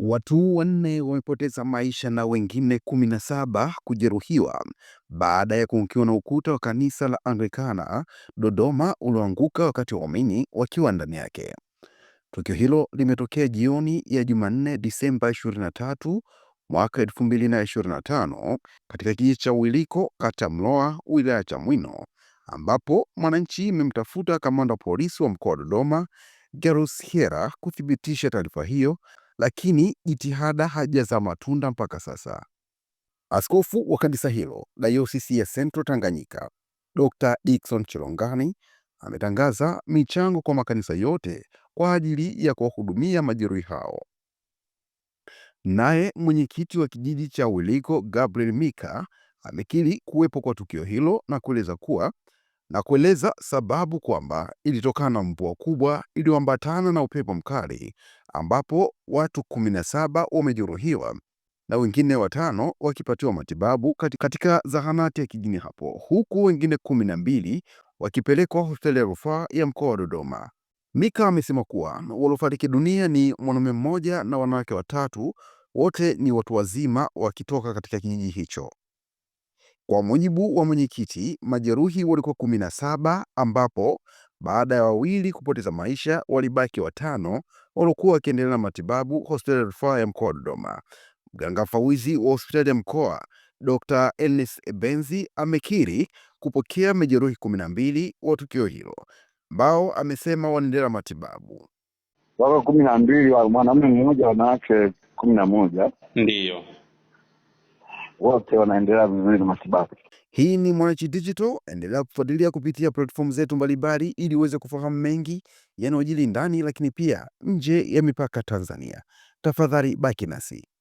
Watu wanne wamepoteza maisha na wengine kumi na saba kujeruhiwa baada ya kuangukiwa na ukuta wa kanisa la Anglikana Dodoma ulioanguka wakati waumini wakiwa ndani yake. Tukio hilo limetokea jioni ya Jumanne, Disemba 23 mwaka 2025 katika kijiji cha uiliko kata Mloa, wilaya Chamwino, ambapo Mwananchi imemtafuta kamanda wa polisi wa mkoa wa Dodoma Gerus Hyera kuthibitisha taarifa hiyo lakini jitihada za matunda mpaka sasa. Askofu wa kanisa hilo Dayosisi ya Central Tanganyika, Dr. Dickson Chilongani ametangaza michango kwa makanisa yote kwa ajili ya kuwahudumia majeruhi hao. Naye mwenyekiti wa kijiji cha Wiliko Gabriel Mika amekiri kuwepo kwa tukio hilo na kueleza kuwa na kueleza sababu kwamba ilitokana na mvua kubwa iliyoambatana na upepo mkali ambapo watu 17 wamejeruhiwa na wengine watano wakipatiwa matibabu katika zahanati ya kijini hapo, huku wengine 12 wakipelekwa hospitali ya rufaa ya mkoa wa Dodoma. Mika amesema kuwa waliofariki dunia ni mwanaume mmoja na wanawake watatu, wote ni watu wazima wakitoka katika kijiji hicho. Kwa mujibu wa mwenyekiti, majeruhi walikuwa kumi na saba ambapo baada ya wawili kupoteza maisha walibaki watano waliokuwa wakiendelea na matibabu hospitali ya rufaa ya mkoa wa Dodoma. Mganga fawizi wa hospitali ya mkoa Dr. Ernest Ebenzi amekiri kupokea majeruhi kumi na mbili wa tukio hilo ambao amesema wanaendelea matibabu. Wako kumi na mbili, mwanamume mmoja, wanawake kumi na moja. Ndiyo wote wanaendelea vizuri na matibabu. Hii ni Mwananchi Digital, endelea kufuatilia kupitia platform zetu mbalimbali ili uweze kufahamu mengi yanayojiri ndani, lakini pia nje ya mipaka Tanzania. Tafadhali baki nasi.